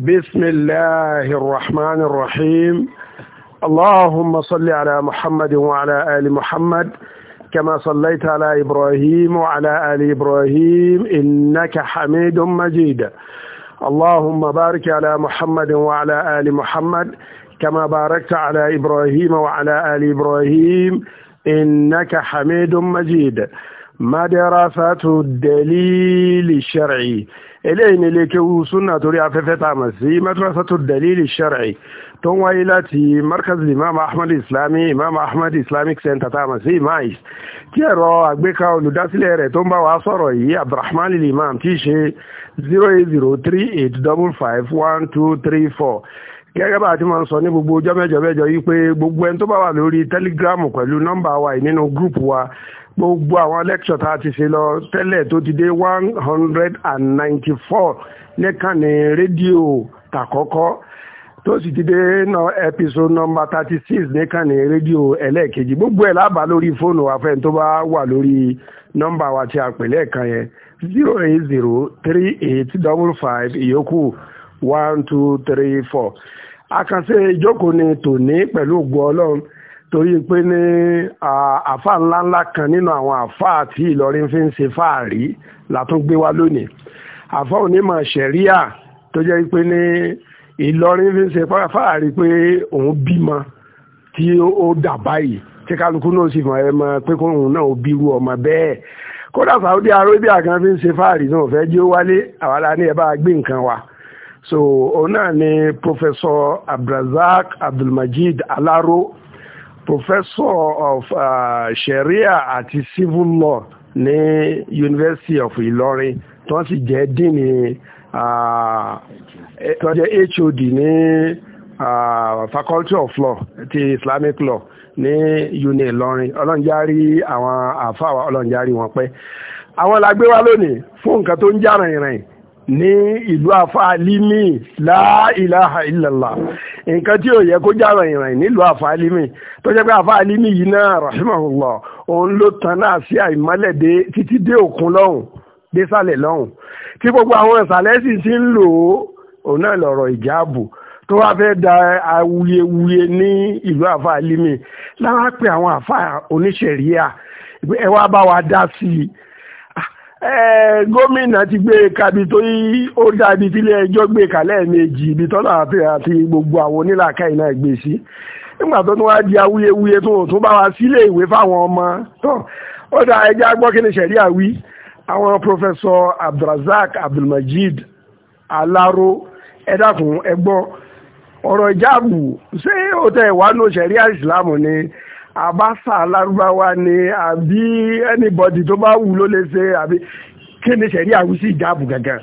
بسم الله الرحمن الرحيم اللهم صل على محمد وعلى آل محمد كما صليت على إبراهيم وعلى آل إبراهيم إنك حميد مجيد اللهم بارك على محمد وعلى آل محمد كما باركت على إبراهيم وعلى آل إبراهيم إنك حميد مجيد madarasatu dalili shar'i eléyìí ni ilé kéwú súnà torí afẹ́fẹ́ tá a mọ̀ sí madarasatu dalili shar'i tó ń wáyé láti markaz imam ahmed islami imam ahmed islamic center tá mọ̀ sí imais tí ẹ̀rọ àgbéka olùdásílẹ̀ rẹ̀ tó ń bá wa sọ̀rọ̀ yìí abdulrahman imam tí í ṣe zero eight zero three eight double five one two three four. gẹ́gẹ́ bá a ti máa sọ ní gbogbo ọjọ́ mẹ́jọ mẹ́jọ yìí pé gbogbo ẹni tó bá wà lórí telegram pẹ̀lú nọ́mbà wa yìí nínú gúrùpù wa gbogbo àwọn lecture tá a ti ṣe lọ tẹ́lẹ̀ tó ti dé one hundred and ninety four tó sì ti dé episode number thirty six rédíò ẹlẹ́ẹ̀kejì gbogbo ẹ̀ lábàá lórí fóònù wa tó bá wà lórí nọ́mbà wa tí a pè one two three four àkànṣe ìjókòó ni tòní pẹ̀lú ògbó ọlọ́run torí pé ní àáfà ńláńlá kan nínú àwọn àáfà tí Ìlọrin fi ń ṣe fáàrí látún gbé wá lónìí àáfà onímọ̀ ṣẹ̀ríà tó jẹ́ pé ní Ìlọrin fi ń ṣe fáàrí pé òun bímọ tí ó dà báyìí tí kálukú náà sì mọ̀ ẹ mọ̀ pé kóun náà ó bírú ọmọ bẹ́ẹ̀ kódà Saudi Arabia kan fi ń ṣe fáàrí náà fẹ́ jẹ́ wálé àwa la ní ẹ bá gbé nǹkan wa so ona náà ni professor abdulrazak abdulmajid alaro professor of uh, sharia àti civil law ní university of Ilorin. tó sì jẹ́ dean ní uh, tó jẹ́ hod ní uh, faculty of law ti islamic law ní uni ìlọrin ọlọ́njárí àwọn àfáà ọlọ́njárí wọn pẹ́ àwọn làgbé wa lónìí fún nǹkan tó ń jà rìnrìn ní ìlú afáàlímì láìláha ìlàlá nǹkan tí ó yẹ kó jára ìrìn nílùú afáàlímì tó jẹ́ pé afáàlímì yìí náà rahimahullah òun ló tan náà sí àìmọ́lẹ̀ dé títí dé òkun lọ́hùn dé sálẹ̀ lọ́hùn tí gbogbo àwọn ìsàlẹ̀ sì ti ń lò ó òun náà lọ̀rọ̀ ìjáàbù tó wá fẹ́ da awuyewuye ní ìlú afáàlímì láwọn á pe àwọn afá oníṣẹ̀ríà ẹ wá bá wa dá sí i gómìnà ti gbé kabi tó yí ó dábi tílé ẹjọ́ gbé kalẹ̀ méjì ibi tọ́lá àti gbogbo àwọn onílàkà iná gbé sí nígbà tó tún wá di awuyewuye tó tún bá wa sílé ìwé fáwọn ọmọ tó ó dá ẹjẹ́ agbọ́ kí ni sẹ̀rí àwí àwọn pòfẹ́sọ abdulrasaq abdulmajid alaro ẹ̀dàkùn ẹgbọ́ ọ̀rọ̀ ìjáàbù ṣé ó tẹ̀ wá ní sẹ̀rí àìsìlámù ni àbáṣà lárúbáwá ni àbí anybody tó bá wù lè ṣe àbí kí ni ṣẹ̀rí àwùsí ìjáàbù gangan.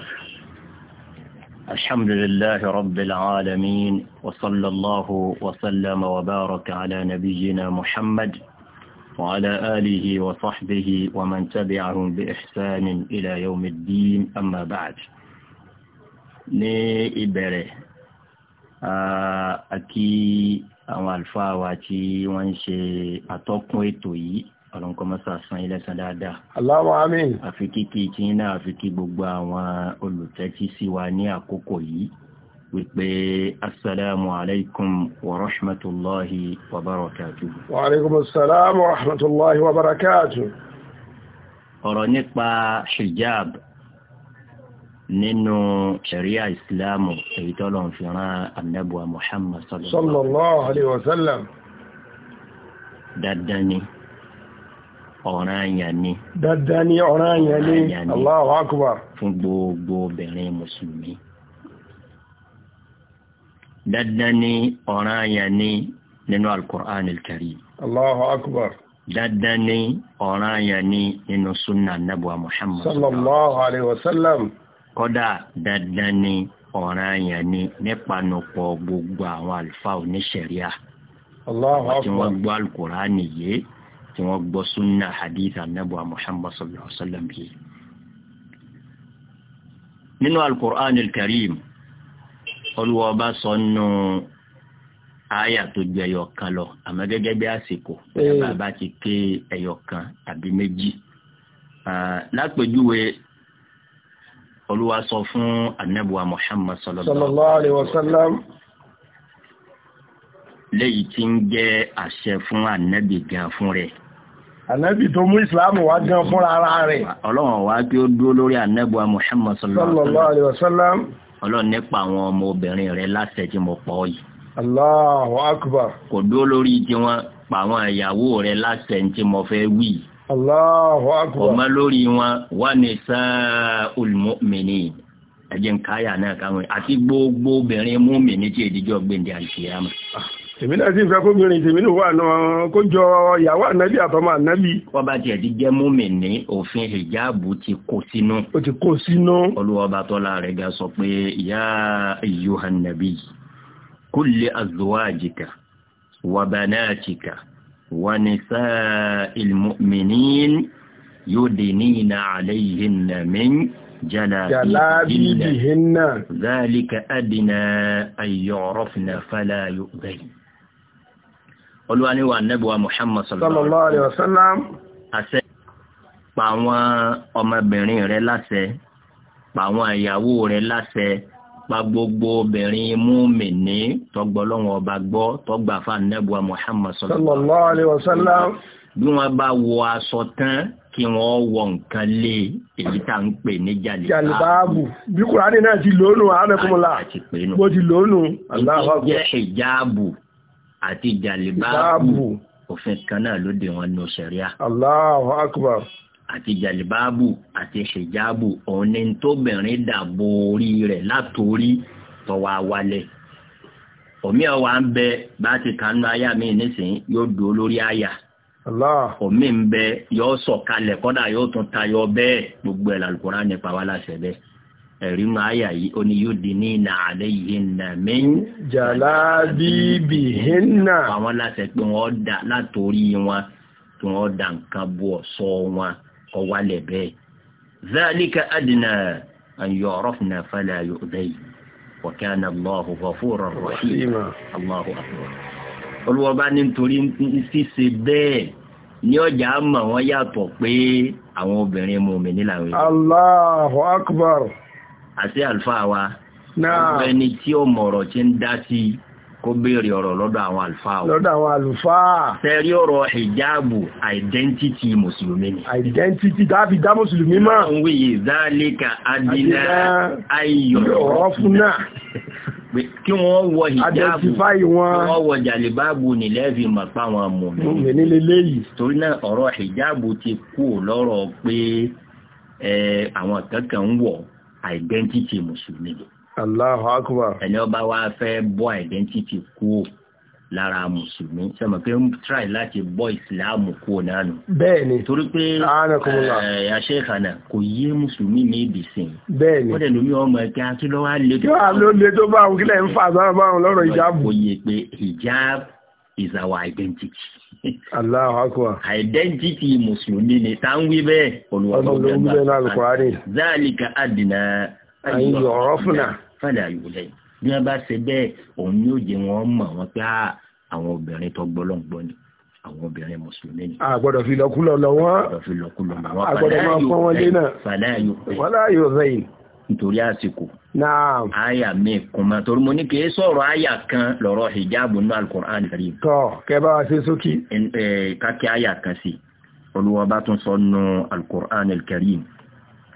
الحمد لله رب العالمين وصلى الله وسلم وبارك على نبينا محمد وعلى آله وصحبه ومن تبعهم بإحسان إلى يوم الدين أما بعد ní ìbẹ̀rẹ̀ àkí àwọn àlùfáà wa tí wọ́n ń ṣe àtọ́kùn ètò yìí ọlọ́run kọ́ mọ́sá san ilẹ̀ san dáadáa. Allahumma àmín. àfi kíkí tí náà àfi kí gbogbo àwọn olùtẹ́tí sí wa ní àkókò yìí wípé assalamu alaikum wa rahmatulahi wa barakatuh. wa alaikum assalamu wa rahmatulahi wa barakatuh. ọ̀rọ̀ nípa hijab nínú ṣẹ̀ríà ìsìláàmù èyí tọ́lọ̀ ń fi rán annabuwa muhammad sallallahu alaihi wasallam dandan ni ọ̀ranyàn ni dandan ni ọ̀ranyàn ni Allahu akbar fún gbogbo obìnrin mùsùlùmí dandan ni ọ̀ranyàn ni nínú alkur'an al-karim Allahu akbar dandan ni ọ̀ranyàn ni nínú sunna annabuwa muhammad sallallahu alaihi wasallam kọ́dà dandan ni ọ̀ràn àyàn ni nípanupọ̀ gbogbo àwọn àlùfáà oníṣẹ̀ríà àwọn tí wọ́n gbọ́ alukur'ani yé tí wọ́n gbọ́ sunna hadith anabuwa muhammad sallallahu alaihi wa sallam yìí. nínú alukur'ani karim olùwọ́ba sọ nù aya tó ju ẹyọ kan lọ àmọ́ gẹ́gẹ́ bí àsìkò eh. bàbá ti ké ẹyọ kan tàbí méjì ah, lápèjúwe olúwa sọ fún anẹ́bùwa Muhammad sallallahu alaihi wasallam léyìí tí ń jẹ́ àṣẹ fún anẹ́bì gan fún rẹ̀ anẹ́bì tó mú ìsìláàmù wá gan fún ara rẹ̀ ọlọ́run wá kí ó dúró lórí anẹ́bùwa Muhammad sallallahu alaihi wasallam ọlọ́run nípa àwọn ọmọ mo pọ̀ yìí Allahu akbar kò dúró lórí tiwọn pa àwọn ìyàwó rẹ̀ láṣẹ tí mo fẹ́ wí Allahu akbar. ọmọ lórí wọn wà ní nisa'ul mu'minin ẹjẹ́ káyà náà káwọn àti gbogbo obìnrin mùmínì tí èdíjọ́ gbèǹdé àlùkìyàmà. Ah, èmi náà sì fẹ́ kóbìnrin tèmi ní wà náà kó jọ ìyàwó ànábì àtọmọ ànábì. wọ́n bá tiẹ̀ ti jẹ́ mùmínì òfin hijabu ti kó sínú. ó ti kó sínú. olùwọ́ba tọ́lá rẹ̀ ga sọ pé ya ayyuhan nabi kulli azwajika wa ونساء المؤمنين يدنين عليهن من جلابيبهن ذلك أدنى أن يعرفن فلا يؤذين قلوا أني والنبوة محمد صلى الله عليه وسلم àṣẹ pa àwọn ọmọbìnrin rẹ̀ láṣẹ pa àwọn ìyàwó rẹ̀ láṣẹ pa gbogbo obìnrin mùmínì tọgbọ lọ́wọ́ ọba gbọ́ tọgbà fanabuwa muhammad sallallahu alaihi wasallam bí wọ́n bá wọ aṣọ tán kí wọ́n wọ nǹkan lé èyí tá ń pè ní jalibaabu bí kùránì náà ti lónù àmẹ́kùnmọ́lá bó ti lónù aláwọ̀ àti jàlìbáàbù àti ṣèjáàbù òun ni tóbìnrin dàbò orí rẹ̀ látòrí tọwọ́ awalẹ̀ omi ọwà ń bẹ bá ti kanú aya mi nísìnyí yóò dúró lórí aya omi ń bẹ yóò sọ̀kalẹ̀ kọ́dà yóò tún tayọ bẹ́ẹ̀ gbogbo ẹ̀ làlùkùrá nípa wa láṣẹ bẹ́ẹ̀ ẹ̀rí nu àyà yìí ó ní yóò di ní yìí jàlá bíbí hinna. àwọn pé dà kọ́ wálẹ̀ bẹ́ẹ̀. zálíkà adìnà ayọ̀ ọ̀rọ̀fìnà fàlà yóò dẹ́yì wọ̀kẹ́nà allahu ghafura rahim allahu akbar. olùwọ́ba ní nítorí ṣíṣe bẹ́ẹ̀ ní ọjà àmà wọ́n yàtọ̀ pé àwọn obìnrin mùmínì làwọn èèyàn. allahu akbar. àti àlùfáà wa. náà. ọ̀gbẹ́ni tí ó mọ̀rọ̀ ti ń dá sí i kó béèrè ọ̀rọ̀ lọ́dọ̀ àwọn àlùfáà lọ́dọ̀ àwọn àlùfáà tẹ́rí ọ̀rọ̀ hijabu identity mùsùlùmí ni identity dábì dá mùsùlùmí mọ́ ń wí ìzálẹ́kà adínà ayọ̀rọ̀ fúnà kí wọ́n wọ hijabu kí wọ́n wọ jàlìbáàbù nílẹ̀ fi mọ̀ páwọn mùmí nílẹ̀lẹ́yìí torí náà ọ̀rọ̀ hijabu ti kú lọ́rọ̀ pé àwọn kankan ń wọ identity mùsùlùmí Allahu akbar. ẹni ọba wa fẹ́ bọ́ identity kúò lára mùsùlùmí sọmọ pé ń try láti bọ́ ìsìláàmù kúò náà nù. bẹ́ẹ̀ni torí pé àṣẹ ìkànnà kò yé mùsùlùmí ní ìbìsìn. bẹ́ẹ̀ni wọ́n tẹ̀lé mi ọmọ ẹ̀ka ah, kí ló wá lé tó. kí wàá ló lé ń fà sára bá lọ́rọ̀ ìjáàbù. kò yẹ pé ìjáàbù is our identity. Allahu akbar. Identity Mùsùlùmí ni ta ń wí bẹ́ẹ̀. Olùwàlúwà. Zalika adìnà fàdà ìwòlẹ̀ bí wọ́n bá ṣe bẹ́ẹ̀ òun ni ó jẹ́ wọn mọ̀ wọn pé ah, àwọn obìnrin tó gbọ́lọ́ngbọ́ ni àwọn obìnrin mùsùlùmí ni. àgbọ̀dọ̀ fi lọ́kúlọ̀ lọ wọ́n àgbọ̀dọ̀ máa pọ́n wọn lé náà fàlà yóò rẹ̀ nítorí àsìkò. Naam. Aya mi kuma torí mo ní kìí sọ̀rọ̀ aya kan lọ́rọ̀ hijabu ní Al-Qur'an Karim. Tọ́, kẹba wa ṣe sókí. Kákí aya kan sí, olúwa bá tún sọ nù Al-Qur'an Karim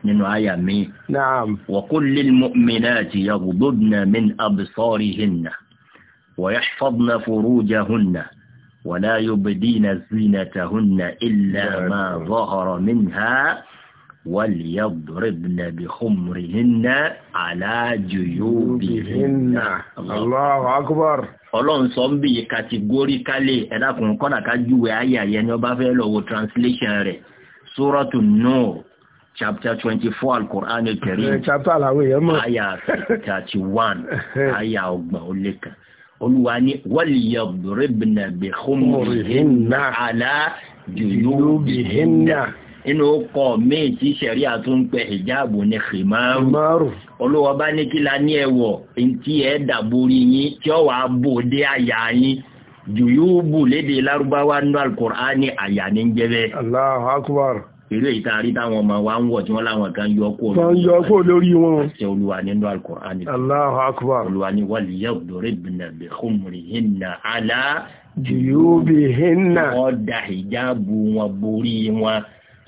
nínú àyà mi. Naam. Wa kullil mu'minati yaghdudna min absarihinna wa yahfazna furujahunna wa la yubdina zinatahunna illa ma dhahara minha wal yadribna bi khumrihinna ala juyubihinna. Allahu akbar. Ọlọ́run sọ ń bí kàtígóríkálẹ̀ ẹ̀dàkùn kọ́nà ká júwe àyà ni ọba fẹ́ lọ wo translation rẹ̀. Suratu Nur chapter twenty four alukur'an karim eh, chapter làwọn èèyàn mọ̀ aya thirty one aya ọgbọ̀n ó lé kan olùwà ni waliyadribna bi khumurihinna ala junubihinna inú kọ míì tí sẹ̀rí àtún pẹ hijabu ní khimaru olùwà bá ní kí la ní ẹ̀wọ̀ tí ẹ̀ dàbórí yín tí ó wàá bò dé àyà yín juyubu lédè lárúbáwá nínú alukur'an ni àyà ní jẹ́ bẹ́ẹ̀. Allahu akbar irú èyí tá a rí ọmọ wa ń wọ̀ tí wọ́n láwọn kan yọ kó lórí wọn. yọ kó lórí wọn. ṣe olúwa nínú al-Qur'an. Allahu akbar. olúwa ní waliyadribna bi khumurihinna ala. juyubihinna. wọ́n da hijabu wọn borí wọn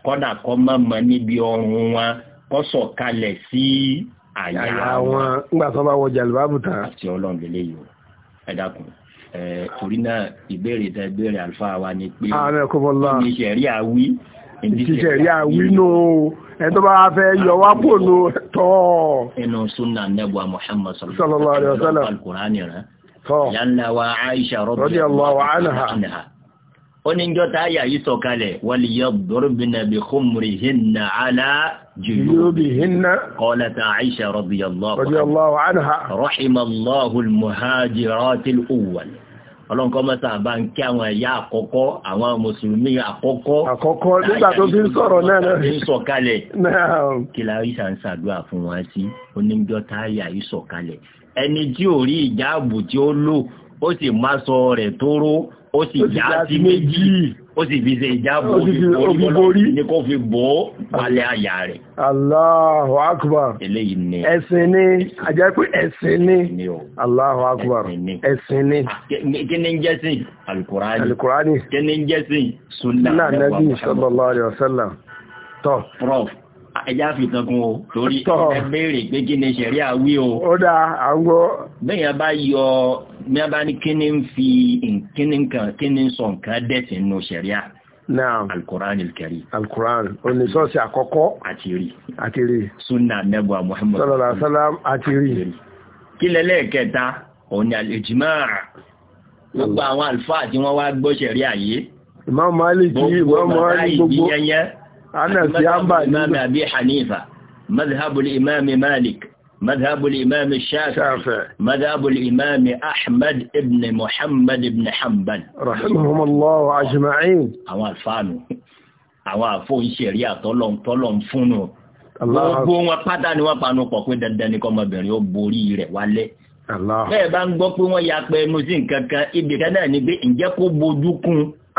kọ́dà kọ́ má níbi ọrùn wọn kọ́ sọ̀kalẹ̀ sí àyà wọn. àyà tó bá wọ jàlùbáàbù tán. àti ọlọ́run lélẹ́yìí o ẹ dákun torí náà ìbéèrè tẹ ìbéèrè àlùfáà wa ni pé ní ìṣẹ̀rí àwí ìṣẹ̀rí àwí nù ẹ̀ tó bá fẹ́ yọ pò nù tọ́ inú súnà nẹ́bùà Muhammad sallallahu alaihi wasallam al-Qur'ani wa Aisha radiyallahu anha ó ní jọ́ta ayà yìí sọ̀kalẹ̀ wal yadribna جيوبهن قالت عائشة رضي الله, رضي الله عنها رحم الله المهاجرات الأول ọlọ́run kọ́ mọ́ta bá ń kí àwọn ẹ̀yà àkọ́kọ́ àwọn mùsùlùmí àkọ́kọ́ àkọ́kọ́ nígbà tó fi ń sọ̀rọ̀ náà ń sọ̀kalẹ̀ kí láríṣà ń sàdúrà fún wọn sí oníjọ́ táyà yìí sọ̀kalẹ̀ ẹni tí ò rí ìjáàbù tí ó lò ó sì má sọ rẹ̀ tóró ó sì yá sí méjì ó sì fi ṣe ìjábò orí ní kó fi bò ó palẹ̀ àyà rẹ̀. Allahu akbar. Eléyìí ni. Ẹ̀sìn ni, àjẹ́ pé ẹ̀sìn ni. Allahu akbar. Ẹ̀sìn ah, ni. Kí ni ń jẹ́ sí? Alukurani. Kí ni ń jẹ́ sí? Sunna. Sunna Nabi sallallahu Tọ́. Prof ẹjá fi kankan o torí ẹ béèrè pé kí ni ṣẹ̀rí àwí o ó dá àwọ́ bẹ́yàn bá yọ mẹ́yàn bá ní kí ni ń fi kíni kan kí ni ń sọ nǹkan dẹ̀sìn nù ṣẹ̀rí à Naam. Al-Qur'an al-Karim. Al-Qur'an. Oni sọ́ọ̀sì àkọ́kọ́. Àtìrí. Àtìrí. Súnà Muhammad. Sallallahu alaihi wasallam àtìrí. Kí lẹ́lẹ́ẹ̀kẹta, òní al-ijma' gbogbo àwọn àlfáà tí wọ́n wá gbọ́ ṣẹ̀rí àyè. Imam Malik, Imam Malik gbogbo. Gbogbo Anas ya ba Imam Abi Hanifa, madhhabu al-Imam Malik, madhhabu al-Imam Shafi'i, madhhabu al-Imam Ahmad ibn Muhammad ibn Hanbal. Rahimahumullahu ajma'in. Àwọn alfanu. Àwọn afo sharia tolon tolon funu. Gbogbo wọn pátá ni wọ́n panu pọ̀ pé dandan ni kọmọbìnrin ó borí rẹ̀ wálẹ̀. Bẹ́ẹ̀ bá ń gbọ́ pé wọ́n ya pẹ́ ẹnu sí nǹkan kan, ibìkan náà ni pé ǹjẹ́ kó bojú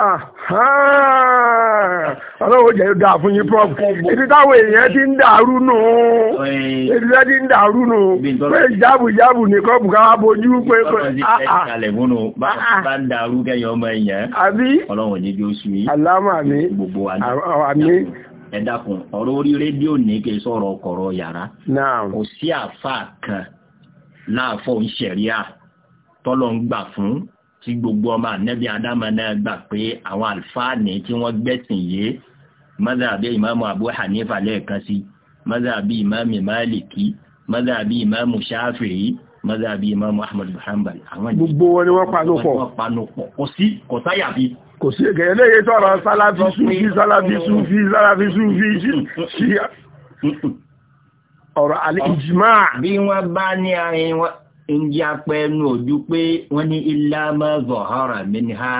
ọlọ́wọ́ jẹ́ dáa fún yín prof ibi èèyàn ti ń dàrú nù ibi ti ń dàrú nù pé ìjábù ìjábù ní kọ́pù bojú pé pé ah, ah. àbí ẹ̀dàkùn ọ̀rọ̀ orí rédíò ní kí ọkọ̀rọ̀ yàrá kò sí àfáà kan tọ́lọ ń gbà fún tí gbogbo ọmọ ànẹ́bí adáma náà gbà pé àwọn àlfáàní tí wọ́n gbẹ̀sìn yìí mọ́dàbí ìmáàmù Abu Hanifa lẹ́ẹ̀kan sí mọ́dàbí ìmáàmù Maliki mọ́dàbí ìmáàmù Shafi'i mọ́dàbí ìmáàmù Ahmad bin Hanbal àwọn gbogbo wọn ni wọ́n panupọ̀ kò sí kò sáyà bí kò sí èkè eléyìí tọrọ sálábí súnfí sálábí súnfí sálábí súnfí sí ọ̀rọ̀ àlè ìjìmá bí wọ́n bá ní àárín wọn ń jẹ́ apẹ́ ẹnu ojú pé wọ́n ní ilá mọ́zọ̀ ọ̀rọ̀ mi ni ha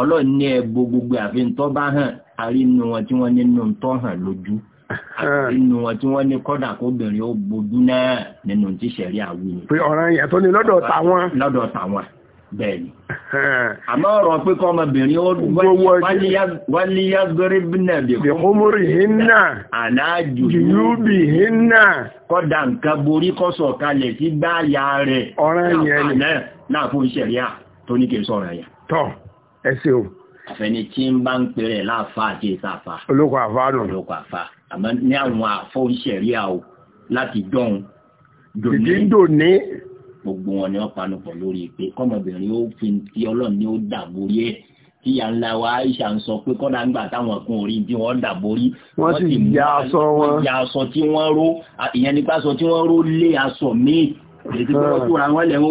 ọlọ́run ní ẹgbò gbogbo àfihàn tó bá hàn àrínú wọn tí wọ́n nínú tó hàn lójú àrínú wọn tí wọ́n ní kọ́dà kóbìnrin ó gbojú náà nínú tíṣẹ̀rí àwìn. pé ọ̀ràn yẹn tó ní lọ́dọ̀ tàwọn. lọ́dọ̀ tàwọn bẹ̀ẹ̀ni àmọ́ ọ̀rọ̀ pé kọ́ ọmọbìnrin ó wálíyágbérébìnà bí kúmúrì hínà àlájù yúbì hínà kọ́dà nǹkan borí kọ́sọ̀ kalẹ̀ sí gbáyà rẹ̀ ọ̀rọ̀ yẹn náà fún ìṣẹ̀ríà tó ní kìí sọ̀rọ̀ ẹ̀yà tọ́ ẹsẹ̀ o àfẹni tí ń bá ń pèrè láàfà àti ìsàfà olóko àfà nù olóko àfà àmọ́ ní àwọn àfọ́ ìṣẹ̀ríà o láti dọ́hun dòní gbogbo wọn ni wọ́n panupọ̀ lórí pé kọ́mọbìnrin ó fi ti ọlọ́run ni ó dàbórí ẹ̀ tí ya ńlá wa Aisha ń sọ pé kọ́dà ń gbà táwọn kan orí bí wọ́n dàbórí wọ́n sì ya aṣọ wọn ya aṣọ tí wọ́n ró ìyẹn nípa aṣọ tí wọ́n ró lé aṣọ míì èdè tó kúra wọ́n lẹ̀ ń wo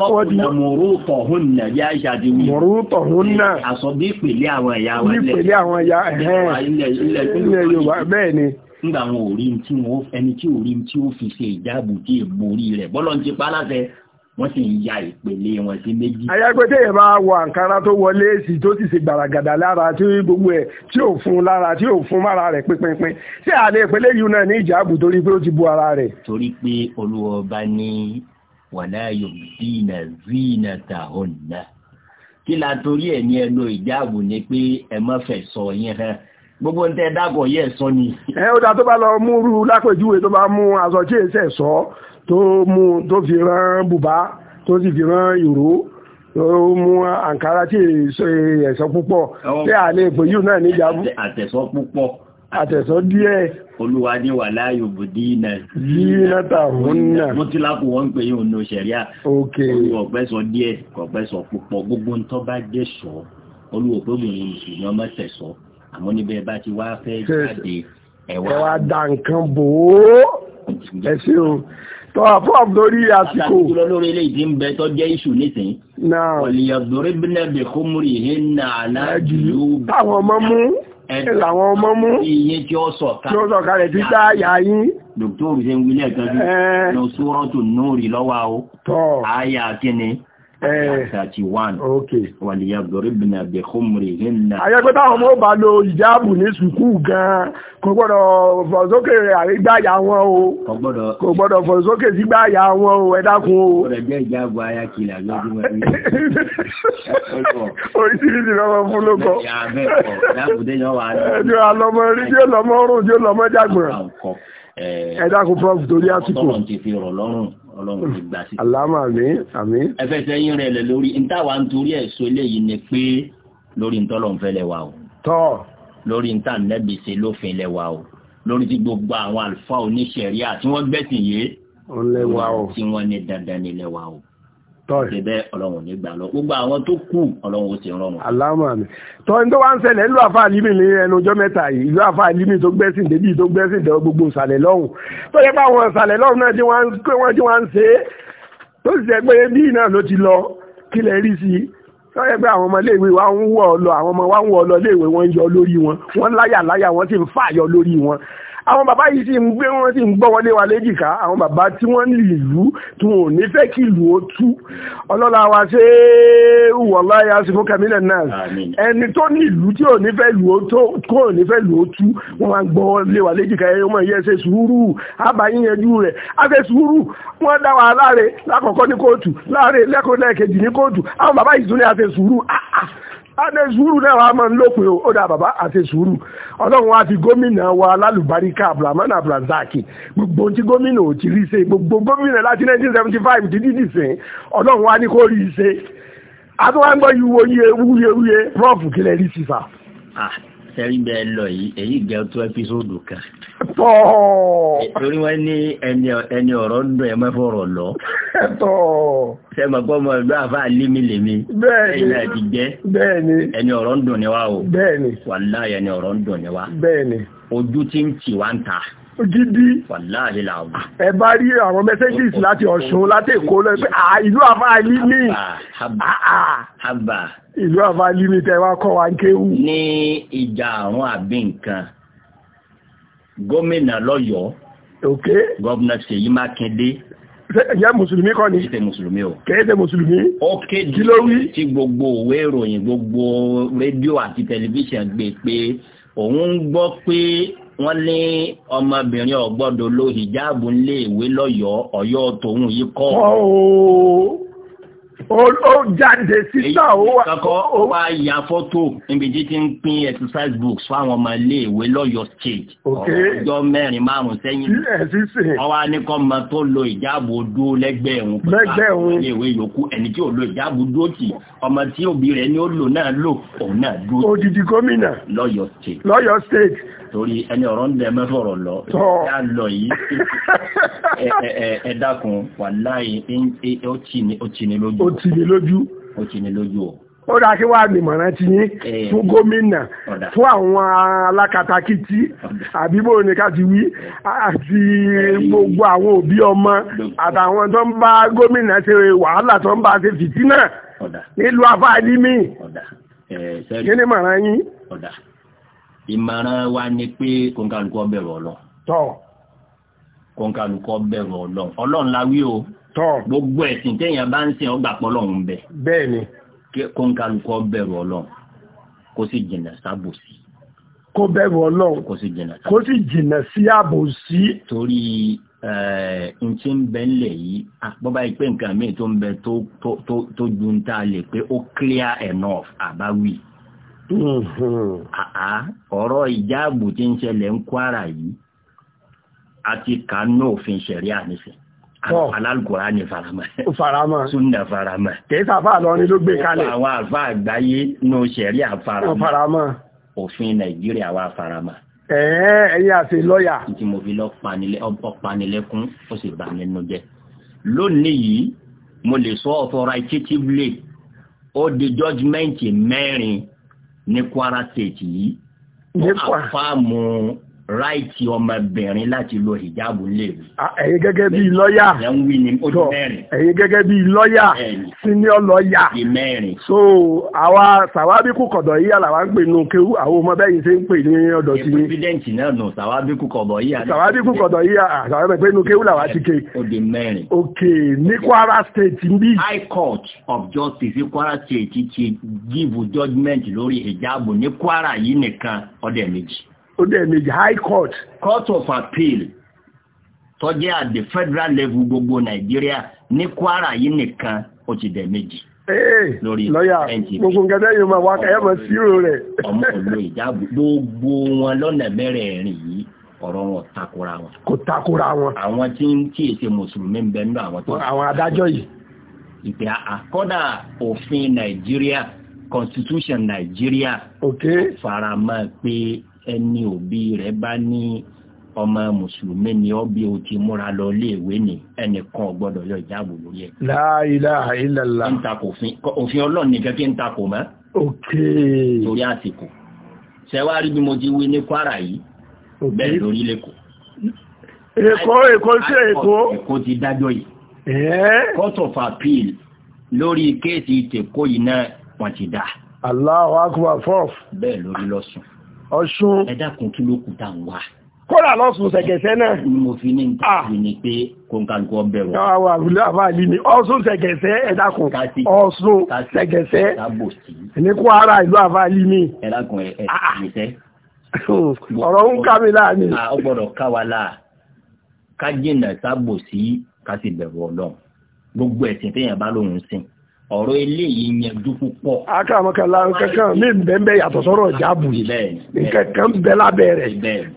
kọ́kùnà mòrútọ̀ hún nà bí Aisha ti wí mòrútọ̀ hún nà aṣọ bí ìpìlẹ̀ àwọn ẹ̀yà wọn ilẹ̀ Yorùbá bẹ́ẹ̀ ni nígbà àwọn òrí tí wọn ẹni tí òrí tí ó fi ṣe ìjáàbù tí èborí rẹ̀ bọ́lọ̀ ń ti pa láṣẹ wọ́n sì ń ya ìpele wọn sí méjì. ayágbẹ́tẹ̀ yẹn bá wọ àǹkárá tó wọlé èsì tó sì ṣe gbàràgàdà lára tí gbogbo ẹ̀ tí ò fún lára tí ò fún mára rẹ̀ pínpínpín ṣé àlẹ́ ìpele yìí náà ní ìjáàbù torí pé ó ti bu ara rẹ̀. torí pé olúwọba ní wàlá yubdina zinatahunna kí la torí ẹ̀ ní ẹnu ìjáàbù ni pé ẹ má fẹ́ sọ yín hàn gbogbo ń tẹ́ dágọ̀ yẹ́ ẹ̀sọ́ ni. ẹ ó dá tó bá lọ mú rú lápèjúwe tó bá mú aṣọ tí èsẹ̀ sọ tó mú tó fi rán bùbá tó sì fi rán ìró tó mú àǹkárá tí ẹ̀sọ́ púpọ̀ tí a lè pè yìí náà níjà mú. àtẹ̀sọ́ púpọ̀. àtẹ̀sọ́ díẹ̀. olúwa ní wà láàyò bù dínà. dínà tà hún nà. mo ti lápò wọn pè yìí ònà òṣèríà. ok ọ̀pẹ́sọ díẹ̀ ọ̀pẹ́sọ púpọ̀ gbogbo ń tọ́ bá jẹ́ sọ olúwo pé mo ní mùsùlùmí ọmọ tẹ̀sọ́ àmọ́ níbẹ̀ bá ti wá fẹ́ jáde ẹ̀wà dá nǹkan bò ó ẹ ṣeun tọ́ àfọ́ àbúrí àsìkò. àti jùlọ lórí ilé ìdí ń bẹ tó jẹ́ iṣu nísìnyí. náà ọ̀lìyàgbọ́rẹ́ bínú ẹ̀bẹ̀ kó múri ìhé náà aláàjù yóò. táwọn ọmọ mú làwọn ọmọ mú. iye tí ó sọ ká. tí ó sọ ká rẹ̀ títà yà yín. dókítà òrùsẹ̀ ń wílẹ̀ kan lọ sórọ́tò nóòrì lọ́wọ́ o. tọ́ àyà kíni. 31. Wàlìyà Gọ̀rìbìnà bè kúmrì nínà. Àyẹ́gbẹ́ táwọn ọmọ bá lo ìjáàbù ní sùkú gan-an, kò gbọ́dọ̀ fọ̀sókè àrígbáyà wọn o. Kò gbọ́dọ̀ fọ̀sókè sígbáyà wọn o, ẹ dákun o. Ọ̀rẹ̀ jẹ́ ìjáàbù ayákìlá lójúmọ̀ ní. Oríṣiríṣi lọ́mọ fún lóko. Ẹjọ́ àlọ́mọ rí, jẹ́ lọ́mọ rùn, jẹ́ lọ́mọ jágbọ̀n. Eh, ẹ dákun prof torí àsìkò. Ọlọ́run ti fi rọ̀ lọ́rùn ọlọ́run ti gbà sí. àlámà mi àmì. ẹfẹsẹ̀ yín rẹ̀ lẹ̀ lórí ntàwa nítorí ẹ̀sọ́ eléyìí ni pé lórí ntọ́lọ́nfẹ́ lẹ̀ wa o. tọ́. lórí ntà nẹ́bi ṣe lófin lẹ̀ wa o lórí ti gbogbo àwọn àlùfáà oníṣẹ̀ríà tí wọ́n gbẹ̀sìn yé. ó lẹ́wà o. tí wọ́n ní dandan ní lẹ́wà o tọ́ọ̀rì bẹ́ẹ̀ ọlọ́run ní gbà lọ gbogbo àwọn tó kù ọlọ́run ó ti rọrùn. aláwọ̀ àmì tọ́ni tó wá ń ṣẹlẹ̀ ìlú àfa àlímì ní ẹnu ọjọ́ mẹ́ta yìí ìlú àfa àlímì tó gbẹ́sìn débì tó gbẹ́sìn dẹ̀ gbogbo ìsàlẹ̀ lọ́hùn tó yẹ pé àwọn ìsàlẹ̀ lọ́hùn náà tí wọ́n ti wá ń ṣe é tó sì jẹ́ pé bí náà ló ti lọ kí lẹ rí sí tó yẹ pé àwọn ọmọ iléèwé wa ń wọ̀ lọ àwọn bàbá yìí sì ń gbé wọn sì ń gbọ́ wọlé wa léjìká àwọn bàbá tí wọ́n lè lù tí wọn ní fẹ́ kí ìlú ó tú ọlọ́lá wa ṣe wọ̀lá ya sí fún kẹ́mílẹ̀ náà ẹni tó ní ìlú tí ò ní fẹ́ lù ó tó kó ò ní fẹ́ lù ó tú wọ́n máa gbọ́ wọlé wa léjìká ẹ̀yọ́ mọ̀ yẹ́ ṣe sùúrù àbáyín yanjú rẹ̀ á ṣe sùúrù wọ́n dá wa láre lákọ̀ọ́kọ́ ní kóòtù láre lẹ́kọ̀ọ́ adé sùúrù náà wàá máa ń lópin ó dà baba ati zuru ọlọ́run wa fi gomina wa lálùbáríkà abdulhamid abdulrasaki gbogbo tí gómìnà ò ti rí ṣe gbogbo gomina lati 1975 ti dídì sìn ọlọ́run wa ní kó rí ṣe àtúwáńgbọ́ yìí wo yíye wúyewúye prof kílẹ̀ rí sísà. sẹ́rí bẹ́ẹ̀ lọ yìí èyí gẹ́ tó ẹ́písòdù kan. torí wọ́n ní ẹni ọ̀rọ̀ ń dùn ẹ mọ́ fọ̀rọ̀ lọ. sẹ́mọ̀ pọ́ mọ ìgbà àfa lími lèmi. bẹ́ẹ̀ni ẹ̀yin náà ti jẹ́. bẹ́ẹ̀ni ẹni ọ̀rọ̀ ń dùn ni wa o. bẹ́ẹ̀ni wàláyé ẹni ọ̀rọ̀ ń dùn ni wa. bẹ́ẹ̀ni ojú ti ń tì wá ń ta gidi ah, ẹ bá rí àwọn messages láti ọ̀ṣun láti èkó lọ pé ah, ìlú àfáàlì ní ah, ìlú àfáàlì ní tẹwà kọ́ wa kéwù ní ìjà àrùn àbí nǹkan gómìnà lọ́yọ́ gọ́ọ̀nà Ṣèyí Mákindé Ìyá Mùsùlùmí kọ́ ni? Kéde Mùsùlùmí o. Kéde Mùsùlùmí? Ó kéde tí gbogbo òwe ìròyìn gbogbo rédíò àti tẹlifíṣàn gbé pé òun ń gbọ́ pé wọ́n ní ọmọbìnrin ọ̀gbọ́dọ̀ lo hijabu nílé ìwé lọ́yọ̀ọ́ ọ̀yọ́ tòun yìí kọ́. ó jáde sísá ó wà. kọ́kọ́ wá ya fọ́tò níbi tí ti ń pín exercise books fáwọn ọmọ ilé ìwé lọ́yọ̀ọ́ state. ọjọ́ mẹ́rin márùn-ún sẹ́yìn. wọ́n ọmọ tó lo hijabu dúró lẹ́gbẹ̀ẹ́ òun. lẹ́gbẹ̀ẹ́ òun. ilé ìwé yòókù ẹni tí ò lo hijabu dúró tì ọmọ tí òbí rẹ̀ ni ó lò náà lò òun náà dúró. odidi gómìnà. lọ́yọ̀ọ́ state. lọ́yọ̀ọ́ state torí ẹni ọ̀rọ̀ ń bẹ mẹ́fọ̀rọ̀ lọ yá lọ yìí ẹ̀ẹ́dàkùn wà láì ó ti ní lójú ó ti ní lójú ó ti ní lójú ọ̀ ó dá kí wá nìmọ̀ràn ti yín fún gómìnà fún àwọn alákatakítí àbíbò ní ká ti wí àti gbogbo àwọn òbí ọmọ àtàwọn tó ń bá gómìnà ṣe wàhálà tó ń bá ṣe fìtínà nílùú afáàlímì kí ni mọ̀ràn yín ìmọ̀ràn wa ni pé kóńkálukọ́ bẹ̀rù ọlọ́run. tọ́ kóńkálukọ́ bẹ̀rù ọlọ́run ọlọ́run la o. tọ́ gbogbo ẹ̀sìn téèyàn bá ń sìn ọgbà pọ́lọ́run bẹ̀. bẹ́ẹ̀ni. kóńkálukọ́ bẹ̀rù ọlọ́run kó sì jìnnà sábòsí. kó bẹ̀rù ọlọ́run kó sì jìnnà sábòsí. kó sì jìnnà sí àbòsí. torí eh, n tí ń bẹ ńlẹ̀ yìí bọ́bá yìí pé nǹkan míì tó ń bẹ tó ju ń ta lè pé ó clear enough àbáwí. Mm-hmm. Ah, ah, ọ̀rọ̀ ìjáàbù tí ń ṣẹlẹ̀ ń kwara yìí àti kanú òfin ṣẹ̀ríà nísìn alálùkùrá ní faramẹ́ faramẹ́ súnà faramẹ́ kẹta fà lọ ní ló gbé kalẹ̀ àwọn àfà àgbáyé ní ṣẹ̀ríà faramẹ́ òfin nàìjíríà wà faramẹ́ ẹ̀ẹ́ ẹ̀yìn àti lọ́yà tí mo fi lọ panilẹ́kún ó sì bà nínú jẹ́ lónìí yìí mo lè sọ authoritatively ó di judgment mẹ́rin ní Kwara State yìí wọ́n á fáàmù ráìtì ọmọbìnrin láti lo hijab lè rí. ẹ̀yin gẹ́gẹ́ bí lọ́yà ẹ̀yin gẹ́gẹ́ bí lọ́yà senior lọ́yà so àwa sàwábíkù kọ̀dọ̀ yìí àlàwà ń pè nù kéwú àwọn ọmọ bẹ́yìn ṣe ń pè ní ọ̀dọ̀ sí i. president náà nù sàwábíkù kọ̀dọ̀ yìí. sàwábíkù kọ̀dọ̀ yìí àsàwábí pé nù kéwú làwà ti ké. òde mẹ́rin. ok ní Kwara state ń bí. high court of justice Kwara state ti give judgment lórí hijab ní Kwara yìí nìkan ọdẹ méjì ó dẹ̀ high court. court of appeal tó jẹ́ at the federal level gbogbo nàìjíríà ní kwara yìí nìkan ó ti dẹ̀ méjì lọ́yà gbogbo nǹkan tẹ́ yóò máa wá kẹ́yẹ́ mọ̀ sírò rẹ̀. ọmọ òlò ìjáàbò gbogbo wọn lọ́nà mẹ́rẹ̀ẹ̀rin yìí ọ̀rọ̀ wọn takora wọn. kò takora wọn. àwọn tí ń kí èsè mùsùlùmí ń bẹ nínú àwọn tó. àwọn adájọ́ yìí. ìpè àkọ́dà òfin nàìjíríà constitution nàìjíríà. ok faramọ́ pé ẹni òbí rẹ̀ bá ní ọmọ mùsùlùmí ni ọ bí o ti múra lọ léèwé ni ẹnìkan gbọ́dọ̀ yọ ìjáàbò lórí ẹ̀. La ilaha illallah. ń takò òfin ọlọ́run nìkan kí ń takò mọ́. ok. torí àsìkò ṣẹwárí bí mo ti wí ní kwara yìí bẹ́ẹ̀ lórí lẹ́kọ̀ọ́. èkó èkó sí èkó. èkó ti dájọ́ yìí. Eh? court of appeal lórí kéèsì ìtẹ̀kọ́ yìí náà wọ́n ti dá. Allahu akbar fọ́ọ̀f. bẹ́ẹ̀ lórí lọ́sùn ọ̀ṣun ẹ̀dàkùn kí ló kù tá ń wá kódà lọ́sùn sẹ̀kẹ̀sẹ̀ náà mo fi ní ìtàkùn ah. ni pé kó ń kálukú ọbẹ̀ ah, wọn. àwọn àbúlé àbáàlì ni ọ̀ṣun sẹ̀kẹ̀sẹ̀ ẹ̀dàkùn ọ̀ṣun sẹ̀kẹ̀sẹ̀ ní kó ara ìlú àbáàlì ni. ẹ̀dàkùn ẹ̀ṣẹ̀. Ah, ọ̀rọ̀ ń ká mi láàánú. ó gbọ́dọ̀ ká wa láà ká jìnnà sábòsí ká sì bẹ̀rù ọlọ́run gbogbo ẹ̀sìn téèyàn bá lóun sìn ọ̀rọ̀ eléyìí yanjú púpọ̀. akáàmọ́kànlá kankan mi ń bẹ́ẹ̀ yàtọ̀ sọ́rọ̀ ìjáàbù ah, nkankan bẹ́ẹ̀ lábẹ́ rẹ̀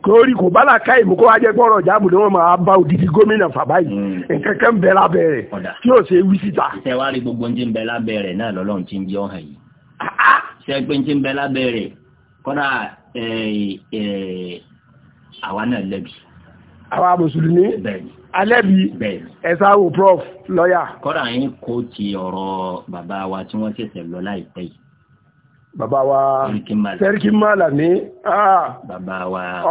kórì kò bá làkà ìmú kó wájẹ́ pọ́rọ̀ ìjáàbù ni wọ́n máa bá òdìdí gómìnà fàbá yìí hmm. nkankan bẹ́ẹ̀ lábẹ́ rẹ̀ tí yóò ṣe wí síta. ṣé wàá rí gbogbo ní bẹ́ẹ̀ lábẹ́ rẹ̀ náà lọ́lọ́run ti ń jẹ́ ọ̀hàn yìí. Ah, ah. ṣé pé ní bẹ́ẹ̀ lábẹ́ rẹ̀ eh, eh, àwa náà lẹ́bi. àwa mùsùlùmí. bẹ́ẹ̀ni alẹ́bí ẹ̀sáwò prof lọ́yà. kọ́dà yín kó ti ọ̀rọ̀ bàbá wa tí wọ́n ṣẹ̀ṣẹ̀ lọ láìpẹ́ yìí. bàbá wa sẹ́ríkì mọ́là ní ah,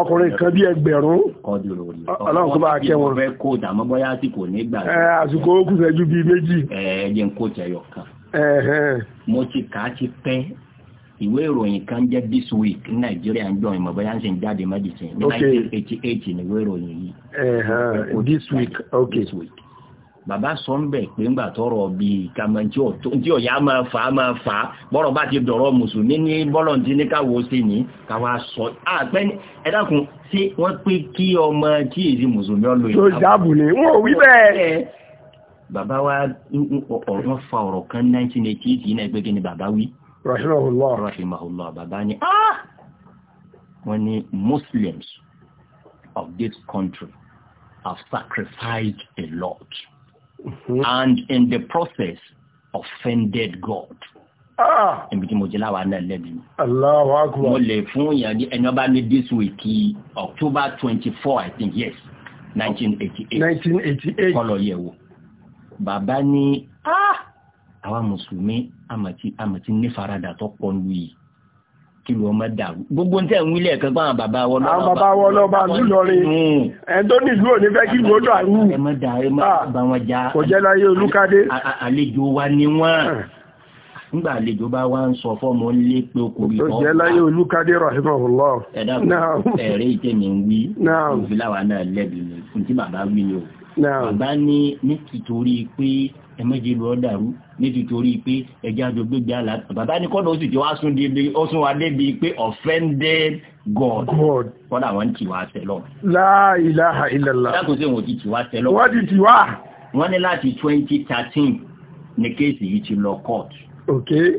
ọkùnrin kan bí ẹgbẹ̀rún ọlọ́run tó bá kẹ́ wọn. ọ̀fẹ́ kó dàmọ́ bọ́yá tí kò ní gbà. Eh, àsìkò ó kù bíi méjì. Eh, ẹ̀ẹ́dẹ̀ ń tẹ̀yọ̀ kan. mo ti kà á ti pẹ́ ìwé ìròyìn kan jẹ́ this week ní nàìjíríà ń jọ ìmọ̀ bóyá ń sìn jáde medicine ní 1988 ní ìwé ìròyìn yìí. this week ok this week. bàbá sọ ń bẹ̀ pé ńgbà tọrọ bíi kàmá tí ọ̀yá máa fà á máa fà á bọ́rọ̀ bá ti dọ̀rọ̀ mùsùlùmí ní bọ́lọ̀ntì ní káwo sí ni káwa sọ àpẹ́ ẹ dákun ṣé wọ́n pé kí ọmọ tí èyí mùsùlùmí ọ lò ìjábù ni wọn ò wí bẹ́ẹ̀ bàbá wa ọ̀rọ̀ fa ọ̀rọ̀ kan 1988 yìí náà gbẹ́gẹ́ ni bàbá wí rahimahullah rahimahullah bàbá ah When ní Muslims of this country have sacrificed a lot mm -hmm. and in the process offended God ẹ̀mí ah! tí mo jẹ́ láwa náà lẹ́bi. Allah Akbar. mo lè fún yàn ní ẹni ọba ní this week October twenty four I think yes nineteen eighty eight. nineteen eighty eight. kọlọ wo bàbá ah àwa mùsùlùmí àmàtí àmàtí nífaradà tó pọ̀ lù yìí kí ló má dàrú gbogbo tẹ̀ ń wílẹ̀ kan báwọn bàbá wọn lọ́wọ́ àwọn bàbá wọn lọ́wọ́ bá ń lọ rí hmm. ẹ̀ tó ní ìlú òní fẹ́ kí ló dàrú ẹ má dà ẹ má ah. bá wọn já kò jẹ́ láyé olúkadé àlejò wa ni wọ́n ah. nígbà àlejò bá wá ń sọ fọ́mọ lé pé o kò rí ọ́ jẹ́ láyé olúkadé rahimahullah ẹ̀dá ẹ̀rẹ́ ìtẹ̀mí ń wí òfin láwa náà lẹ́bi ní fún tí bàbá wí ni o bàbá ní nítorí pé ẹ̀mẹ́jì lọ dàrú nítorí pé ẹjẹ́ àjọ gbégbé àlàáfíà bàbá ní kọ́nà ó sì ti wá sún wa débi pé offended God kọ́nà wọ́n ti wá tẹ́lọ̀. La ilaha illallah. dákùn sí wọn ti ti wá tẹ́lọ̀. wọ́n ti ti wá. wọ́n ní láti 2013 ní kéèsì yìí ti lọ court. okay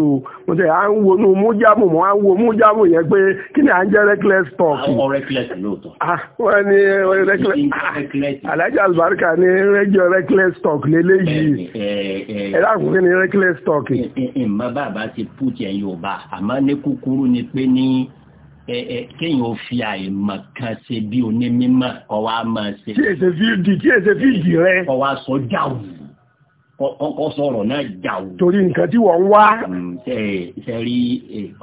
o mo tẹ̀ à ń wonú mújámù mo à ń wo mújámù yẹn pé kí ni à ń jẹ́ reckless talk. àwọn reckless lóòótọ́. wọ́n ní reckless alájà àlùbáríkà ní rẹ́jọ reckless talk lélẹ́yìí ẹ dákun kí ni reckless talk. ìmọ̀ bàbá ti pùtì ẹ̀yìn ò bá àmọ́ ní kúkúrú ni pé ní kéèyàn ò fi àìmọ̀ kan ṣe bí onímọ̀ kọ́ wa ṣe. tí èsè fídì tí èsè fídì rẹ. kọ́ wa sọ kọ́kọ́ sọ̀rọ̀ náà jàù. torí nǹkan tí wọ́n wá. Mm, ṣe rí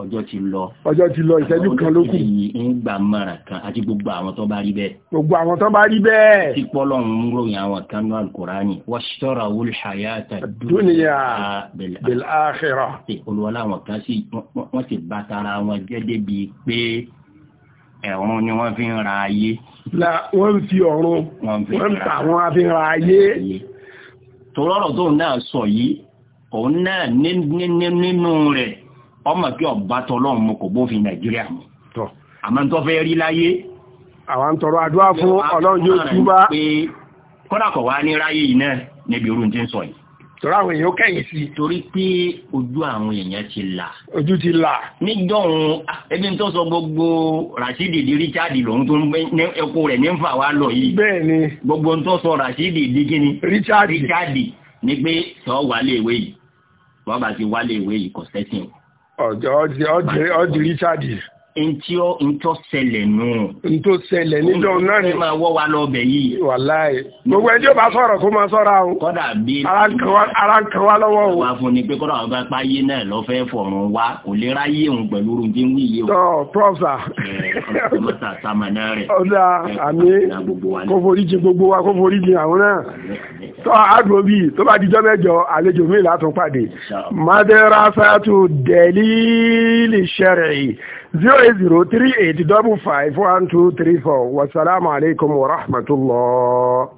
ọjọ́ ti lọ. ọjọ́ ti lọ ìṣẹ́jú kan ló kù. ń gbà mara kan àti gbogbo àwọn tó bá rí bẹ́ẹ̀. gbogbo àwọn tó bá rí bẹ́ẹ̀. tí pọ́lọ̀ ń ròyìn àwọn kan ní alukurani wọ́n ṣọ́ra wọlé hayata dúnìyà bẹ̀láàkẹ́rà. olùwọlá àwọn kan sì wọ́n ti bá tara wọn jẹ́ débi pé ẹ̀rùn ni wọ́n fi ń ra ayé. wọ́n fi ọ̀run wọ́n ta wọ́n fi ń ra ayé torọ́rọ̀ tóun náà sọ yìí òun náà nínú rẹ̀ ọmọ kí ọba tọlọ́run mu kò bófin nàìjíríà mu. àmọ́ tó fẹ́ rí láyé. àwọn tọrọ àdúrà fún ọlọ́run yóò túbà. kódà kọ̀ wá ní ráyè yìí náà níbi irú ti ń sọ yìí torí àwọn èèyàn kẹ́yìn sí. torí pé ojú àwọn èèyàn ti là. ojú ti là. níjọ́hun ẹbí tó sọ gbogbo Rashidi di Richard lòun tó ní ẹkú rẹ̀ ní nfa wa lọ yìí. bẹ́ẹ̀ni. gbogbo tó sọ Rashidi di kíni. Richard Richard ni pé sọ wálé ìwé yìí bọ́ọ̀bà ti wálé ìwé yìí kò sẹ́sìn. ọ̀dì Richard ntí ó ntó ṣẹlẹ̀ nù. ntó ṣẹlẹ̀ níjọ náà ni. máa wọ́ wa lọ bẹ̀ yìí. wàláyé gbogbo ẹjọ́ bá sọ̀rọ̀ kó máa sọ̀rọ̀ àwọn. kọ́dà bí ara ń kan wá lọ́wọ́ o. wàá fún ni pé kọ́dà wọn bá pa ayé náà lọ́fẹ́ fọ̀rùn wa kò lè ráyè òun pẹ̀lú orun tí ń wí yìí o. tọ́ prọfsa. ọ̀sẹ̀ sàmànà rẹ̀. ọ̀dà àmì kó forí jì gbogbo wa kó forí jì àwọn náà. tọ́ àdùn bíi tó bá dijọ́ mẹ́jọ àlejò mi látún pàdé. madrasatu dalil shar'i double 08038551234 wasalaamu alaikum wa rahmatullah.